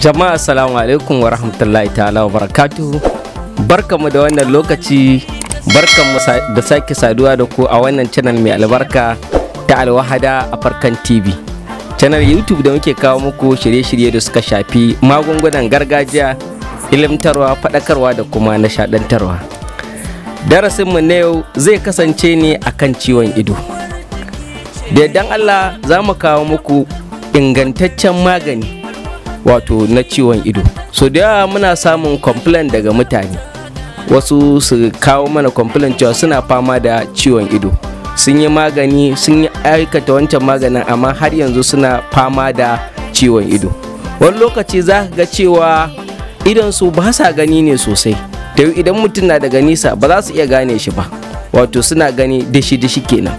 jama'a assalamu alaikum wa rahmatullahi ta'ala wa barakatu barkamu da wannan lokaci barkamu da sake saduwa da ku a wannan channel mai albarka ta alwahada a farkan tv channel youtube da muke kawo muku shirye-shirye da suka shafi magungunan gargajiya ilimtarwa fadakarwa, da kuma nishaɗantarwa mu na yau zai kasance ne akan ciwon ido da dan allah za mu kawo muku ingantaccen magani wato na ciwon ido so da yawa muna samun complain daga mutane wasu su kawo mana complain cewa suna fama da ciwon ido sun yi magani sun yi aikata wancan maganin amma har yanzu suna fama da ciwon ido wani lokaci za ga cewa idonsu su ba sa gani ne sosai da idan mutum na daga nisa ba za su iya gane shi ba wato suna gani dishi dishi kenan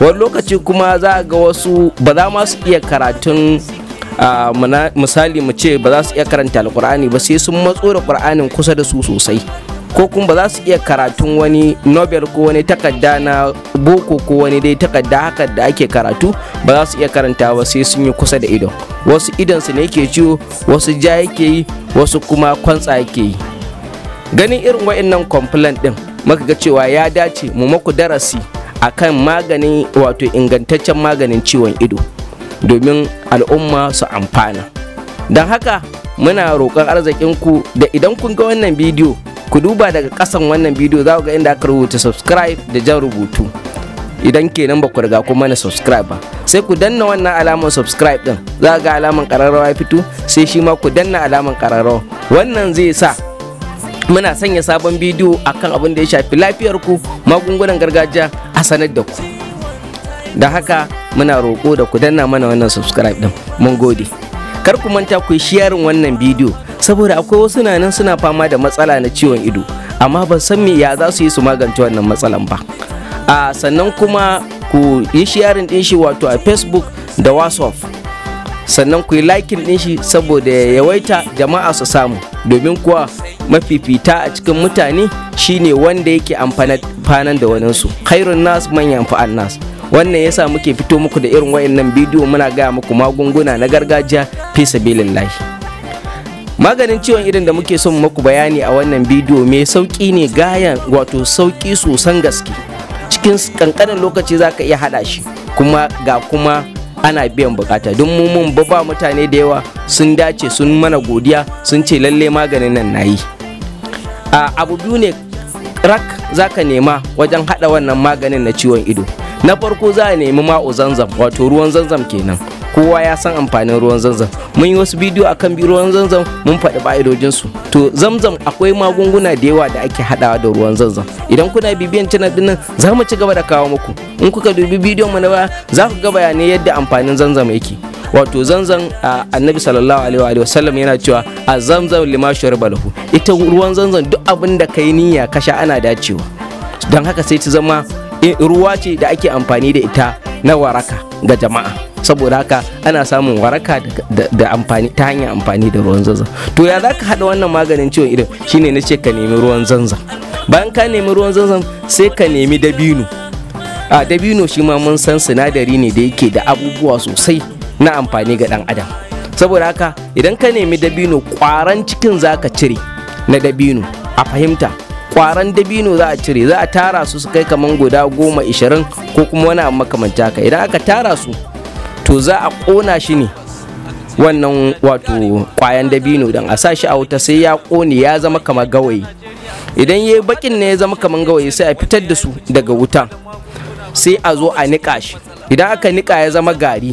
wani lokaci kuma za ga wasu ba za ma su iya karatun misali mu ce ba za su iya karanta alkur'ani ba sai sun matso da qur'anin kusa da su sosai ko kuma ba za su iya karatun wani nobel ko wani takarda na boko ko wani dai takarda haka da ake karatu ba za su iya karanta ba sai sun yi kusa da ido wasu idon su ne ke ciwo wasu ja yake yi wasu kuma kwantsa yake yi ganin irin wa'annan complaint din muka ga cewa ya dace mu maku darasi akan maganin wato ingantaccen maganin ciwon ido domin al'umma su amfana don haka muna roƙon arzikinku da idan kun ga wannan bidiyo ku duba daga ƙasan wannan bidiyo za ku ga inda aka rubuta subscribe da jan rubutu idan kenan ba ku riga kun mana subscribe ba sai ku danna wannan alamar subscribe din za ga alamar ƙararrawa ya fito sai shi ma ku danna alamar ƙararrawa wannan zai sa muna sanya sabon bidiyo akan abin da ya shafi lafiyarku magungunan gargajiya a sanar da ku da haka muna roƙo da ku danna mana wannan subscribe din mun gode kar ku manta ku yi wannan bidiyo saboda akwai wasu na nan suna fama da matsala na ciwon ido amma ban san me ya za su yi su magance wannan matsalan ba a sannan kuma ku yi sharing din shi wato a facebook da whatsapp sannan ku yi likin din shi saboda yawaita jama'a su samu domin kuwa mafifita a cikin mutane shine wanda yake amfanan da waninsu khairun nas manyan fa'an nas wannan yasa muke fito muku da irin wayannan bidiyo muna gaya muku magunguna na gargajiya fi sabilillahi maganin ciwon idan da muke son muku bayani a wannan bidiyo mai sauki ne gayan wato sauki sosan gaske cikin kankanin lokaci za ka iya haɗa shi kuma ga kuma ana biyan bukata don mu mun ba mutane da yawa sun dace sun mana godiya sun ce lalle maganin nan nayi a abu biyu ne rak za ka nema wajen haɗa wannan maganin na ciwon ido na farko za a nemi ma'o zanzam wato ruwan zanzam kenan kowa ya san amfanin ruwan zanzam mun yi wasu bidiyo akan ruwan zanzam mun faɗi ba'idojin su to zamzam akwai magunguna da yawa da ake haɗawa da ruwan zanzam idan kuna bibiyan channel din za mu ci gaba da kawo muku in kuka dubi bidiyon mu na baya za ku ga bayanai yadda amfanin zanzam yake wato zanzan annabi sallallahu alaihi wa sallam yana cewa a zamzam lima shurbalahu ita ruwan zanzan duk abin da kai niyya kasha ana dacewa don haka sai ta zama Eh, ruwa ce da ake amfani da ita na waraka ga jama'a saboda haka ana samun waraka da amfani ta hanyar amfani da ruwan zanzan to ya za ka haɗa wannan maganin ciwon ido shine na ce ka nemi ruwan zanzan bayan ka nemi ruwan zanzan sai ka nemi dabino a dabino shi ma mun san sinadari ne da yake da abubuwa sosai na amfani ga ɗan adam saboda haka idan ka nemi dabino kwaran cikin za ka cire na dabino a fahimta kwaran dabino za a cire za a tara su su kai kaman guda goma ishirin ko kuma wani abu makamanta ka. idan aka tara su to za a ƙona shi ne wannan wato kwayan dabino dan a sa shi a wuta sai ya kone ya zama kamar gawayi idan ya bakin ne ya zama kamar gawayi sai a fitar da su daga wuta sai a zo a niƙa shi idan aka niƙa ya zama gari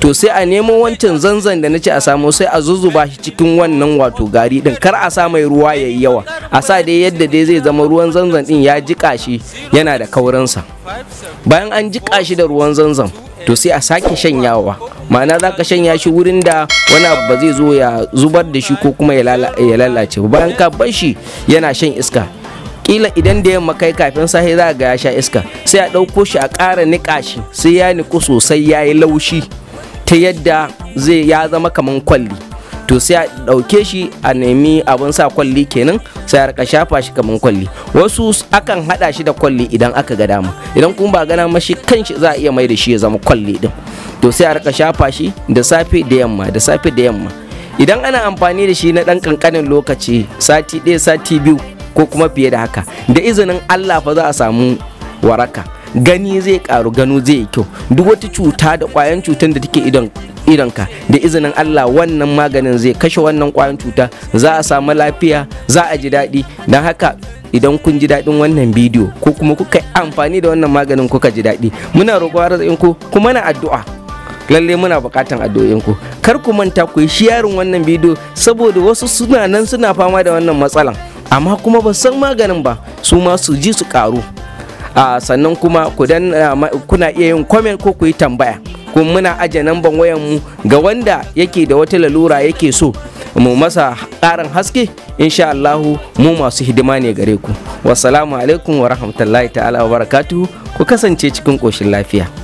to sai a nemo wancan zanzan da na ce a samo sai a zuzzuba shi cikin wannan wato gari din kar a sa mai ruwa yayi yawa a sa dai yadda dai zai zama ruwan zanzan din ya jika shi yana da kaurinsa bayan an jika shi da ruwan zanzan to sai a sake shanyawa ma'ana za ka shanya shi wurin da wani abu ba zai zo ya zubar da shi ko kuma ya lalace bayan ka bar shi yana shan iska kila idan da yamma kai kafin sahi za ga ya sha iska sai a ɗauko shi a ƙara niƙa shi sai ya niku sosai ya yi laushi ta yadda zai ya zama kamar kwalli to sai a ɗauke shi a nemi abin sa kwalli kenan sai a rika shafa shi kaman kwalli wasu akan haɗa shi da kwalli idan aka ga dama idan kuma ba gana mashi kanshi za a iya mai da shi ya zama kwalli din to sai a rika shafa shi da safe da yamma da safe da yamma idan ana amfani da shi na ɗan ƙanƙanin lokaci sati ɗaya sati biyu ko kuma fiye da haka da izinin allah fa za a samu waraka gani zai karu gano zai yi kyau duk wata cuta da kwayan cutar da take idan ka da izinin Allah wannan maganin zai kashe wannan kwayan cuta za a samu lafiya za a ji daɗi don haka idan kun ji daɗin wannan bidiyo ko kuma kuka yi amfani da wannan maganin kuka ji daɗi muna roƙon arzikinku kuma na addu'a lalle muna bukatan addu'o'inku kar ku manta ku yi shiyarin wannan bidiyo saboda wasu suna nan suna fama da wannan matsalan amma kuma ba san maganin ba su ma su ji su karu Ah, sannan kuma ah, kuna iya yin comment ko ku yi tambaya kuma muna ajiye namban wayan mu ga wanda yake da wata lalura yake so mu masa ƙarin haske insha Allah mu masu hidima ne gare ku wassalamu alaikum wa rahmatullahi ta'ala wa barakatuhu ku kasance cikin ƙoshin lafiya